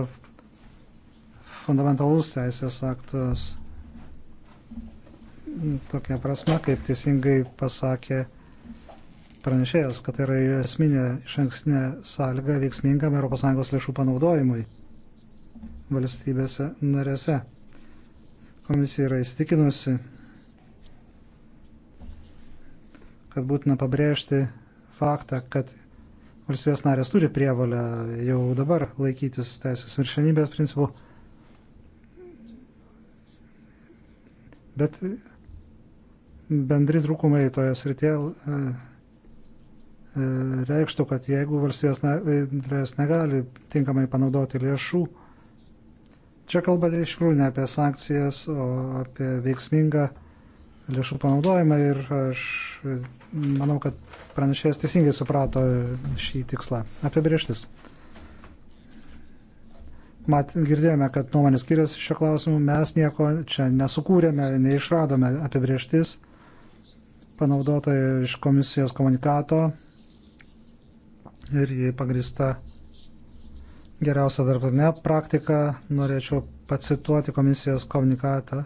fundamentalus teisės aktas tokia prasme, kaip teisingai pasakė pranešėjas, kad tai yra esminė iš ankstinė sąlyga veiksmingam ES lėšų panaudojimui valstybėse narėse. Komisija yra įstikinusi, kad būtina pabrėžti faktą, kad valstybės narės turi prievalę jau dabar laikytis teisės viršenybės principų. Bet bendri trūkumai toje srityje E, reikštų, kad jeigu valstybės e, narės negali tinkamai panaudoti lėšų, čia kalba iš tikrųjų ne apie sankcijas, o apie veiksmingą lėšų panaudojimą ir aš manau, kad pranešėjas teisingai suprato šį tikslą. Apibrieštis. Mat, girdėjome, kad nuomonės skiriasi šio klausimu, mes nieko čia nesukūrėme, neišradome apibrieštis panaudotoje iš komisijos komunikato ir jį pagrista geriausia darbdavne praktika. Norėčiau pacituoti komisijos komunikatą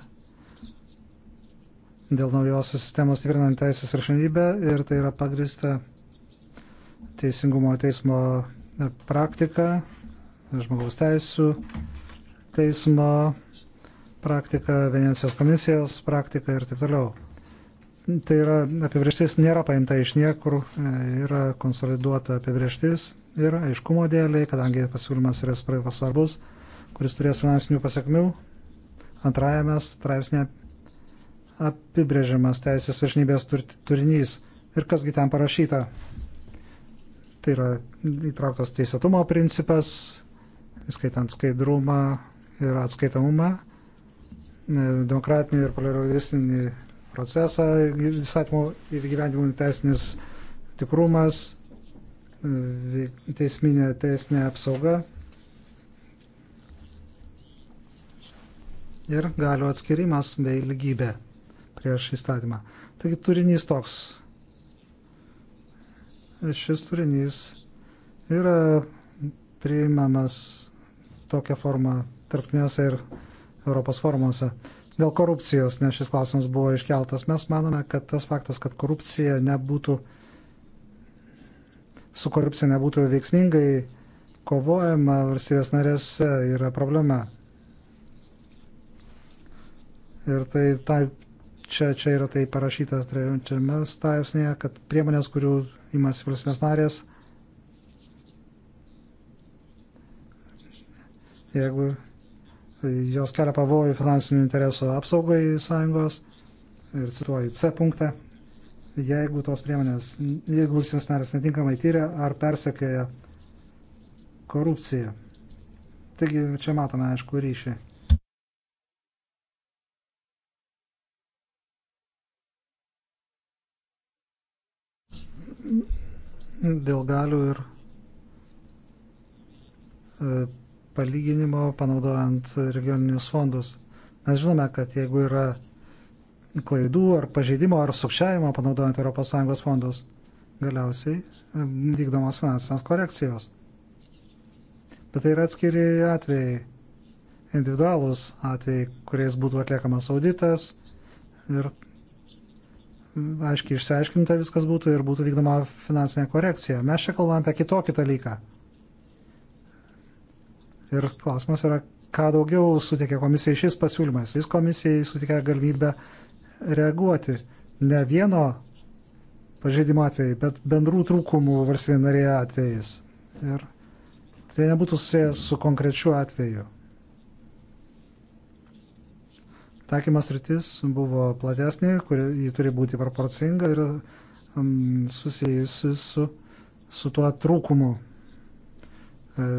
dėl naujosios sistemos tvirtinant teisės viršenybę ir tai yra pagrista teisingumo teismo praktika, žmogaus teisų teismo praktika, Venecijos komisijos praktika ir taip toliau tai yra apibrieštis nėra paimta iš niekur, e, yra konsoliduota apibrieštis ir aiškumo dėliai, kadangi pasiūlymas yra svarbus, kuris turės finansinių pasiekmių. Antrajame straipsnė apibrėžiamas teisės viršnybės turinys ir kasgi ten parašyta. Tai yra įtrauktas teisėtumo principas, įskaitant skaidrumą ir atskaitomumą, e, demokratinį ir pluralistinį procesą, įstatymų įgyvendimų teisinis tikrumas, e, teisminė teisinė apsauga ir galių atskirimas bei lygybė prieš įstatymą. Taigi turinys toks. Šis turinys yra priimamas tokia forma tarpniuose ir Europos formuose. Dėl korupcijos, nes šis klausimas buvo iškeltas, mes manome, kad tas faktas, kad korupcija nebūtų, su korupcija nebūtų veiksmingai kovojama valstybės narėse, yra problema. Ir tai, tai čia, čia yra tai parašyta trečiame straipsnėje, kad priemonės, kurių imasi valstybės narės, jeigu jos kelia pavojų finansinių interesų apsaugai sąjungos ir cituoju C punktą, jeigu tos priemonės, jeigu valstybės narės netinkamai tyria ar persekioja korupciją. Taigi čia matome aišku ryšį. Dėl galių ir e, palyginimo panaudojant regioninius fondus. Mes žinome, kad jeigu yra klaidų ar pažeidimo ar sukčiavimo panaudojant ES fondus, galiausiai vykdomos finansinės korekcijos. Bet tai yra atskiri atvejai, individualūs atvejai, kuriais būtų atliekamas auditas ir aiškiai išsiaiškinta viskas būtų ir būtų vykdoma finansinė korekcija. Mes čia kalbame apie kitokį dalyką. Ir klausimas yra, ką daugiau suteikia komisijai šis pasiūlymas. Jis komisijai suteikia galimybę reaguoti ne vieno pažeidimo atvejai, bet bendrų trūkumų valstybė narėje atvejais. Ir tai nebūtų susijęs su konkrečiu atveju. Takymas rytis buvo platesnė, kuri jį turi būti proporcinga ir um, susijusi su, su tuo trūkumu. E,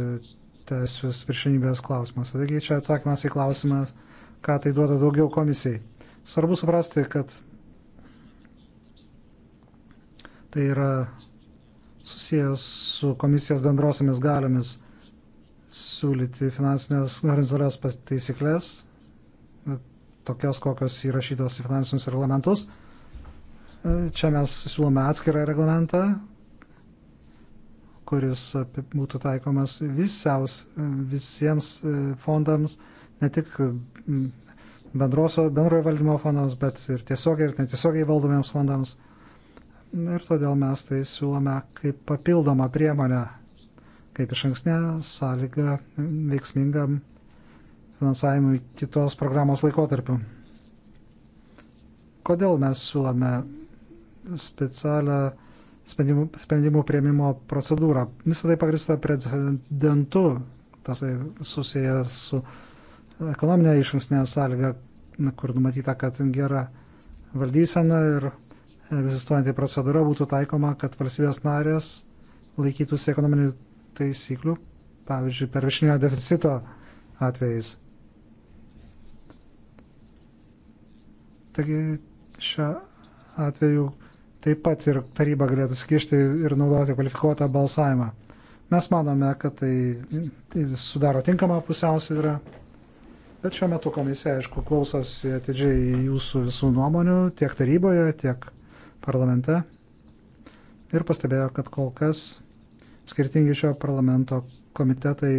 teisės viršinybės klausimas. Taigi čia atsakymas į klausimą, ką tai duoda daugiau komisijai. Svarbu suprasti, kad tai yra susijęs su komisijos bendrosiamis galiomis siūlyti finansinės horizontalios taisyklės, tokios kokios įrašytos į finansinius reglamentus. Čia mes siūlome atskirą reglamentą, kuris e, būtų taikomas visiaus, e, visiems e, fondams, ne tik bendroso, bendrojo valdymo fondams, bet ir tiesiogiai ir netiesiogiai valdomiems fondams. Ir todėl mes tai siūlome kaip papildomą priemonę, kaip iš anksnė sąlyga veiksmingam finansavimui kitos programos laikotarpiu. Kodėl mes siūlome specialią sprendimų, sprendimų prieimimo procedūrą. Visą tai pagrįsta precedentu, tas tai susijęs su ekonominė išankstinė sąlyga, kur numatyta, kad gera valdysena ir egzistuojanti procedūra būtų taikoma, kad valstybės narės laikytųsi ekonominių taisyklių, pavyzdžiui, pervišinio deficito atvejais. Taigi šiuo atveju taip pat ir taryba galėtų skišti ir naudoti kvalifikuotą balsavimą. Mes manome, kad tai, tai sudaro tinkamą pusiausvyrą, bet šiuo metu komisija, aišku, klausosi atidžiai jūsų visų nuomonių tiek taryboje, tiek parlamente ir pastebėjo, kad kol kas skirtingi šio parlamento komitetai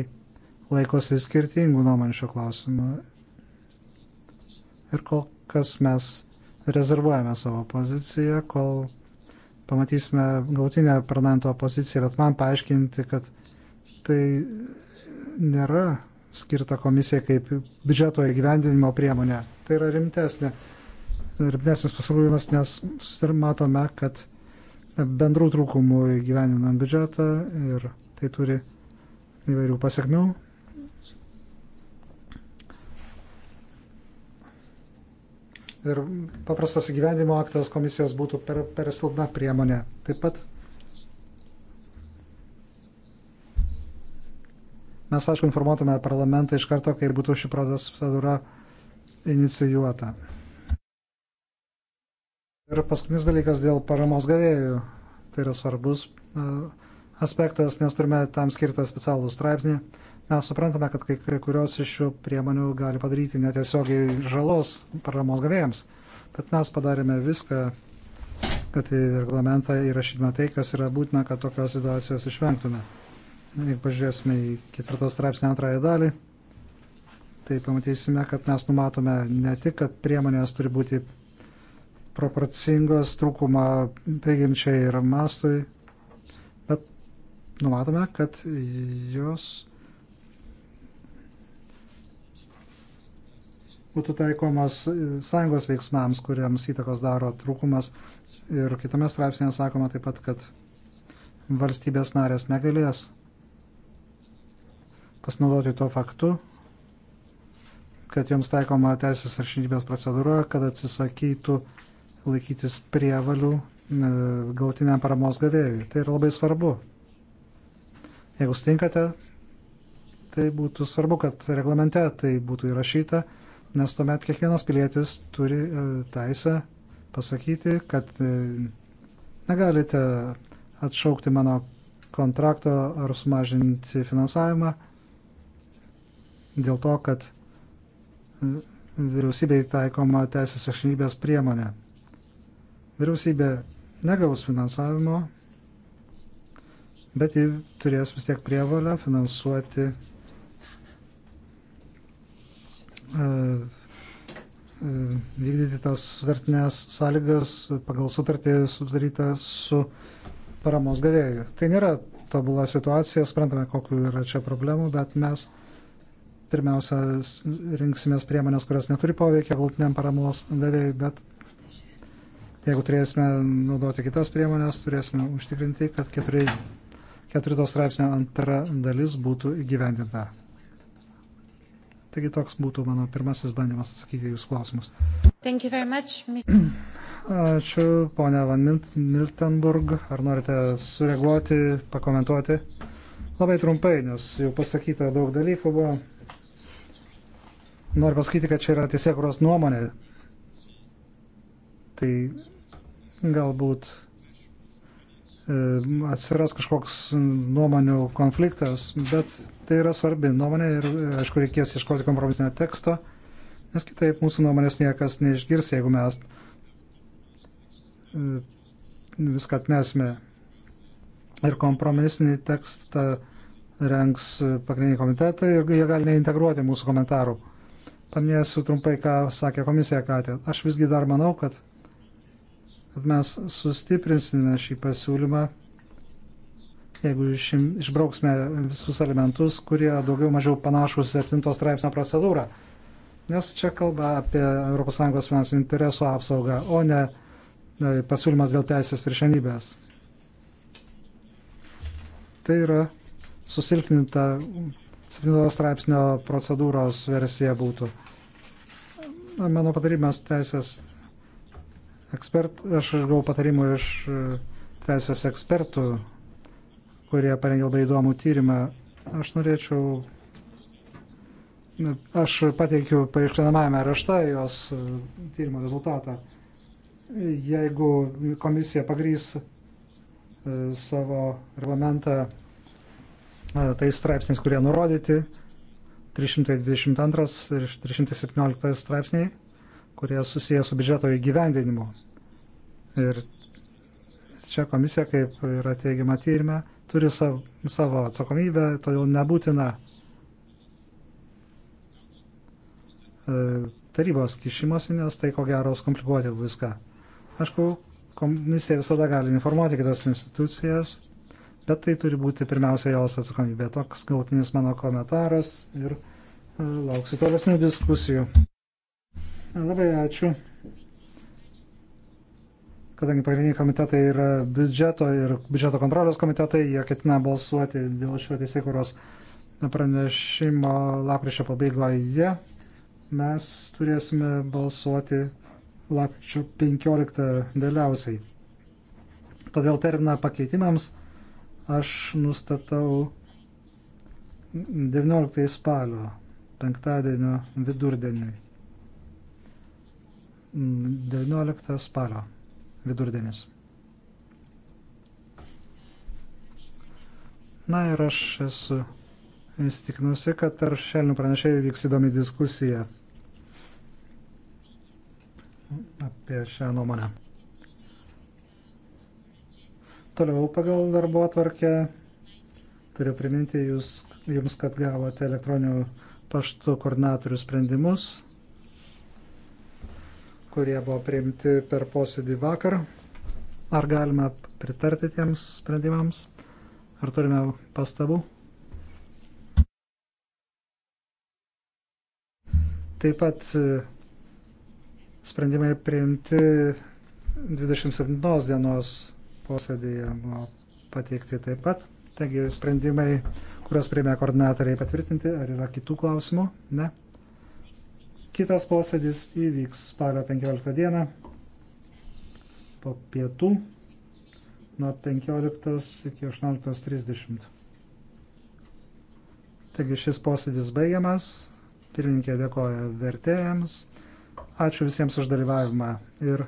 laikosi skirtingų nuomonių šio klausimu. Ir kol kas mes rezervuojame savo poziciją, kol pamatysime gautinę parlamento poziciją, bet man paaiškinti, kad tai nėra skirta komisija kaip biudžeto įgyvendinimo priemonė. Tai yra rimtesnė, rimtesnis pasiūlymas, nes matome, kad bendrų trūkumų įgyvendinant biudžetą ir tai turi įvairių pasiekmių. ir paprastas gyvenimo aktas komisijos būtų per, per silpna priemonė. Taip pat mes, aišku, informuotume parlamentą iš karto, kai būtų ši procedūra inicijuota. Ir paskutinis dalykas dėl paramos gavėjų. Tai yra svarbus aspektas, nes turime tam skirtą specialų straipsnį. Mes suprantame, kad kai kurios iš šių priemonių gali padaryti netiesiogiai žalos paramos gavėjams, bet mes padarėme viską, kad į reglamentą įrašytume tai, kas yra būtina, kad tokios situacijos išvengtume. Jeigu pažiūrėsime į ketvirtos straipsnio antrąją dalį, tai pamatysime, kad mes numatome ne tik, kad priemonės turi būti proporcingos trūkumą prigimčiai ir mastui, bet numatome, kad jos būtų taikomas e, sąjungos veiksmams, kuriems įtakos daro trūkumas. Ir kitame straipsnėje sakoma taip pat, kad valstybės narės negalės pasinaudoti tuo faktu, kad joms taikoma teisės viršinybės procedūra, kad atsisakytų laikytis prievalių e, galutiniam paramos gavėjui. Tai yra labai svarbu. Jeigu stinkate, tai būtų svarbu, kad reglamente tai būtų įrašyta nes tuomet kiekvienas pilietis turi e, teisę pasakyti, kad e, negalite atšaukti mano kontrakto ar sumažinti finansavimą dėl to, kad e, vyriausybei taikoma teisės viršinybės priemonė. Vyriausybė negaus finansavimo, bet ji turės vis tiek prievalę finansuoti E, e, vykdyti tas sutartinės sąlygas pagal sutartį sudarytą su paramos gavėjų. Tai nėra tobula situacija, sprantame, kokiu yra čia problemų, bet mes pirmiausia rinksimės priemonės, kurios neturi poveikia galtiniam paramos gavėjui, bet jeigu turėsime naudoti kitas priemonės, turėsime užtikrinti, kad keturi, keturi to straipsnio antra dalis būtų įgyvendinta. Taigi toks būtų mano pirmasis bandymas atsakyti jūsų klausimus. Much, Ačiū, ponia Van Miltenburg. Ar norite sureaguoti, pakomentuoti? Labai trumpai, nes jau pasakyta daug dalykų buvo. Noriu pasakyti, kad čia yra tiesiekuros nuomonė. Tai galbūt e, atsiras kažkoks nuomonių konfliktas, bet Tai yra svarbi nuomonė ir, e, aišku, reikės iškoti kompromisinio teksto, nes kitaip mūsų nuomonės niekas neišgirs, jeigu mes e, viską atmesime. Ir kompromisinį tekstą rengs pagrindiniai komitetai ir jie gali neintegruoti mūsų komentarų. Paminėsiu trumpai, ką sakė komisija Katė. Aš visgi dar manau, kad, kad mes sustiprinsime šį pasiūlymą jeigu šim, išbrauksime visus elementus, kurie daugiau mažiau panašus 7 straipsnio procedūrą. Nes čia kalba apie ES finansinių interesų apsaugą, o ne e, pasiūlymas dėl teisės viršenybės. Tai yra susilpninta 7 straipsnio procedūros versija būtų. Mano patarimas teisės ekspert, aš gavau patarimų iš e, teisės ekspertų kurie parengė labai įdomų tyrimą. Aš norėčiau, aš pateikiu paaiškinamajame rašte jos e, tyrimo rezultatą. Jeigu komisija pagrys e, savo reglamentą e, tais straipsniais, kurie nurodyti, 322 ir 317 straipsniai, kurie susiję su biudžeto įgyvendinimu. Ir čia komisija, kaip yra teigiama tyrime, turi sav, savo atsakomybę, todėl nebūtina e, tarybos kišimosi, nes tai ko gero skomplikuoti viską. Aišku, komisija visada gali informuoti kitas institucijas, bet tai turi būti pirmiausia jos atsakomybė. Toks galtinis mano komentaras ir e, lauksiu tolesnių diskusijų. Labai ačiū kadangi pagrindiniai komitetai yra biudžeto ir biudžeto kontrolės komitetai, jie ketina balsuoti dėl šio teisėkuros pranešimo lapkričio pabaigoje. Mes turėsime balsuoti lapkričio 15 vėliausiai. Todėl terminą pakeitimams aš nustatau 19 spalio penktadienio vidurdieniui. 19 spalio vidurdienis. Na ir aš esu įstikinusi, kad tarp šelnių pranešėjų vyks įdomi diskusija apie šią nuomonę. Toliau pagal darbo atvarkę turiu priminti jūs, jums, kad gavote elektroninių paštų koordinatorių sprendimus kurie buvo priimti per posėdį vakar. Ar galime pritarti tiems sprendimams? Ar turime pastabų? Taip pat e, sprendimai priimti 27 dienos posėdėje buvo pateikti taip pat. Taigi sprendimai, kuriuos priėmė koordinatoriai patvirtinti, ar yra kitų klausimų? Ne. Kitas posėdis įvyks spalio 15 dieną po pietų nuo 15 iki 18.30. Taigi šis posėdis baigiamas. Pirmininkė dėkoja vertėjams. Ačiū visiems už dalyvavimą ir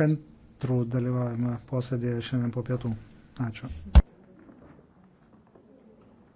kantrų dalyvavimą posėdėje šiandien po pietų. Ačiū.